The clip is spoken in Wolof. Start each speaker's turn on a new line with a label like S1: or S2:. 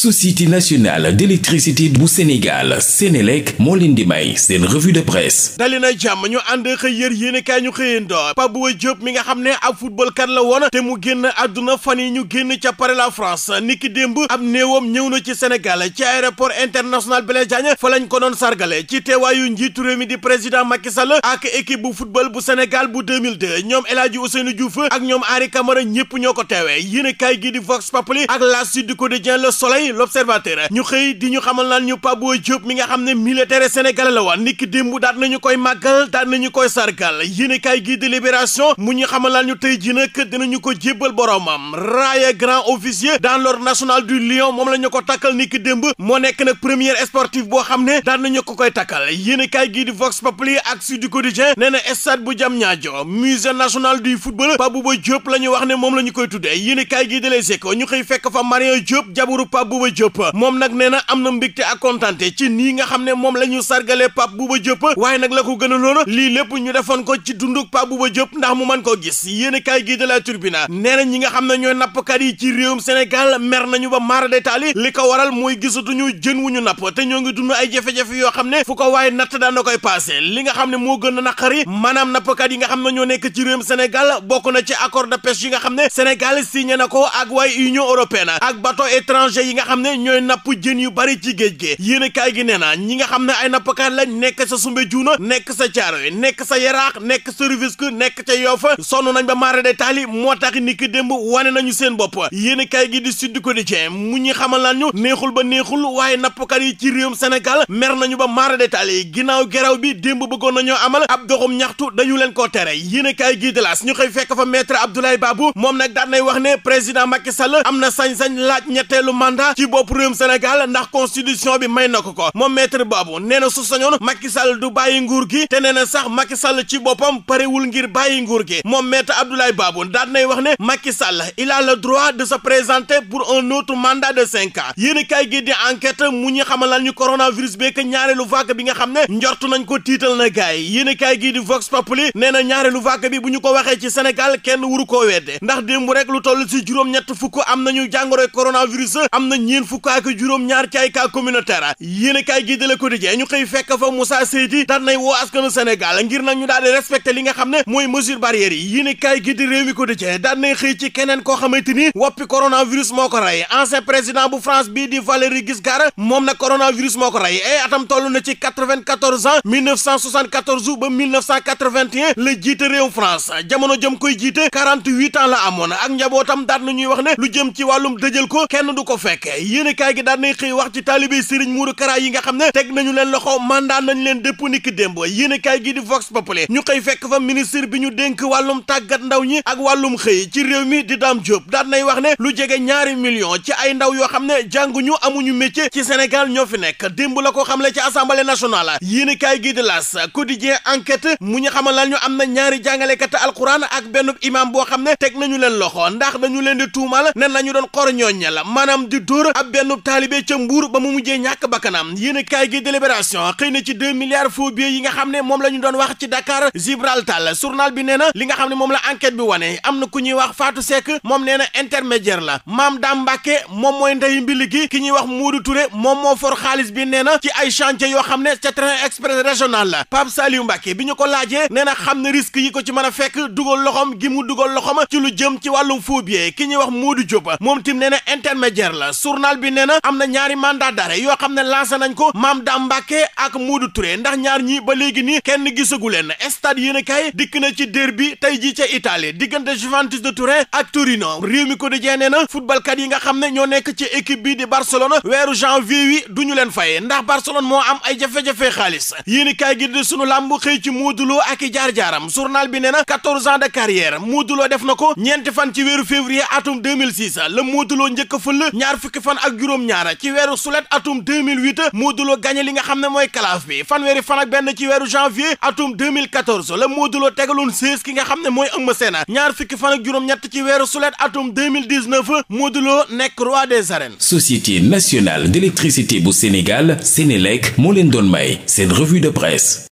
S1: société nationale d'électricité bu Sénégal Sénélec moo leen di may seen revue de presse dali na jàmm ñu ànd xëy yër yéenekaay ñu xëyandoo Pape Bouba Diop mi nga xam ne ab football kat la woon te mu génn àdduna fan yi ñu génn ca Paris la France niki démb ab néewam ñëw na ci Sénégal ci aéroport international Blaise Diagne fa lañ ko doon sargale ci teewaayu njiitu réew mi di président Macky Sall ak équipe bu football bu Sénégal bu 2002 ñoom El Hadji Ousseynou Diouf ñoom Henri ñëpp ñoo ko teewee yéenekaay gi di Vox La Sud du ci l'observateur eh, ñu xëy di ñu xamal naan ñu Pape Boye Diop mi nga xam ne militaire sénégalais la woon niki démb daat nañu koy màggal daat nañu koy sargal yéenekaay gi di Libération mu ñu xamal ñu tey ji nag dinañu ko jébbal boromam raaya grand officier dans l'ordre national du Lion moom la ñu ko takkal niki démb moo nekk nag premier sportif boo xam ne daat nañu ko koy takkal yéenekaay gi di Vox Populi ak Sud Quotidien nee na stade bu Diamniadio musée national la ñu ne moom la ñu koy tuddee yéenekaay Bouba Diop moom nag nee na am na mbégte ak kontante ci nii nga xam ne moom la ñu sargalee Pape Bouba Diop waaye nag la ko gën a loona lii lépp ñu defoon ko ci dunduk Pape Bouba Diop ndax mu mën koo gis yéen a kaay gi de la Tribune nee na ñi nga xam ne ñooy nappkat yi ci réewum Sénégal mer nañu ba maara détaal yi li ko waral mooy gisatuñu jën wu ñu napp te ñoo ngi dund ay jafe-jafe yoo xam ne fu ko waaye natt daan na koy passé li nga xam ne moo gën a naqari maanaam nappkat yi nga xam ne ñoo nekk ci réewum Sénégal bokk na ci accord de yi nga xam ne Sénégal signé na ko ak waay Union européenne ak xam ne ñooy napp jën yu bari ci géej gi gi nee na ñi nga ne ay nappkat lañ nekk sa sumbe juuna nekk sa caaroy nekk sa yaraax nekk sa Rufisque nekk ca Yoff sonn nañ ba maara taali moo tax ni ki démb wane nañu seen bopp yéen kaay gi di Sud Quotidien mu ñi xamal lan ñu neexul ba neexul waaye nappkat yi ci réewum Sénégal mer nañu ba maara de taali ginnaaw geraw bi démb bëggoon nañu amal ab doxum ñaxtu dañu leen koo tere yéen kaay gi de ñu xëy fekk fa maître Abdoulaye Babou moom nag daan nay wax ne président Macky Sall am na sañ-sañ laaj ñetteelu mandat ci bopp réewum Sénégal ndax constitution bi may na ko ko moom maître Babou nee na su sañoon Macky Sall du bàyyi nguur gi te nee na sax Macky Sall ci boppam parewul ngir bàyyi nguur gi moom maître Abdoulaye baaboon daan nay wax ne Macky Sall il a le droit de se présenter pour un autre mandat de cinq ans yéen gi di enquête mu ñu xamalal ñu coronavirus beeg ñaareelu vague bi nga xam ne njort nañ ko tiital na gars yi yéen a kaay gi di Vox Populi nee na ñaareelu vague bi bu ñu ko waxee ci Sénégal kenn wuru koo wedde ndax démb rek lu toll si juróom-ñett fukk am nañu jàngoro coronavirus am nañ ñeen fukk ak juróom ñaar ci ay cas communautaire kaay gi de la Quotidien ñu xëy fekk fa Moussa Seydi daan nay woo askanu Sénégal ngir nag ñu daal di respecté li nga xam ne mooy mesure barrières yi yéen kaay gi di Rewmi Quotidien daan nay xëy ci keneen koo xamante ni woppi coronavirus moo ko rey ancien président bu France bii di Valéry Giscard moom nag coronavirus moo ko rey ay eh, atam toll na ci 94 ans 1974 ba 1981 la jiite réew France jamono jëm koy jiite 48 ans la amoon ak njabootam daan na ñuy wax ne lu jëm ci wàllum dëjël ko kenn du ko fekk kaay yéen kaay gi daan nay xëy wax ci taalibe Serigne Mourou Kara yi nga xam ne teg nañu leen loxo mandat nañ leen dépôt niki démb yéen kaay gi di Vox Populi ñu xëy fekk fa ministre bi ñu dénk wàllum tàggat ndaw ñi ak wàllum xëy ci réew mi di Dame Diop daan nay wax ne lu jege ñaari million ci ay ndaw yoo xam ne ñu amuñu métier ci Sénégal ñoo fi nekk démb la ko xamle ci assemblée nationale yéen kaay gi di L'As quotidien enquête mu ñu xamal lan ñu am na ñaari jàngalekat alquran ak benn imam boo xam ne teg nañu leen loxo ndax dañu leen di tuumal nen la ñu doon xor ñooña la ab benn taalibe ca mbuur ba mu mujjee ñàkk bakkanam yéen kaay gi délibération xëy na ci deux milliards foo billets yi nga xam ne moom la ñu doon wax ci Dakar Gibraltar journal bi nee na li nga xam ne moom la enquête bi wane am na ku ñuy wax faatu Seck moom nee na intermédiaire la maam Dame Mbacke moom mooy ndeyu mbili gi ki ñuy wax muudu ture moom moo for xaalis bi nee na ci ay chantier yoo xam ne ca train express régional la Pape Saliou Mbacke bi ñu ko laajee nee na xam ne risque yi ko ci mën a fekk dugal loxom gi mu dugal loxom ci lu jëm ci wàllum faux ki ñuy wax Modou Diop moom tim nee na intermédiaire la journal bi nee na am na ñaari mandat d'arrêt yoo xam ne lancé nañ ko Mame Dame ak Modou Touré ndax ñaar ñii ba léegi nii kenn gisagu leen stade yéen kay dikk na ci derby tey ji ca Italie diggante Juventus de Turin ak Torino réew mi quotidien nee na footballkat yi nga xam ne ñoo nekk ci équipe bii di Barcelone weeru janvier wi du ñu leen fay ndax Barcelone moo am ay jafe-jafe xaalis yéen kay gi di sunu làmb xëy ci Modou Lo ak i jaar-jaaram journal bi nee na 14 ans de carrière Lo def na ko ñeenti fan ci weeru février atum 2006 la Modou Lo njëkk a fël ñaar fan ak juróom-ñaara ci weeru sulet atum 2008 Modou Lo gagné li nga xam ne mooy kalaaf bi fanweeri fan ak benn ci weeru janvier atum 2014 la Modou Lo tegaloon sées ki nga xam ne mooy Eumeu Sène ñaar fukki fan ak juróom-ñett ci weeru sulet atum 2019 Modou Lo nekk roi des arènes. Société nationale d'électricité bu Sénégal Sénélec moo leen doon may seen revue de presse.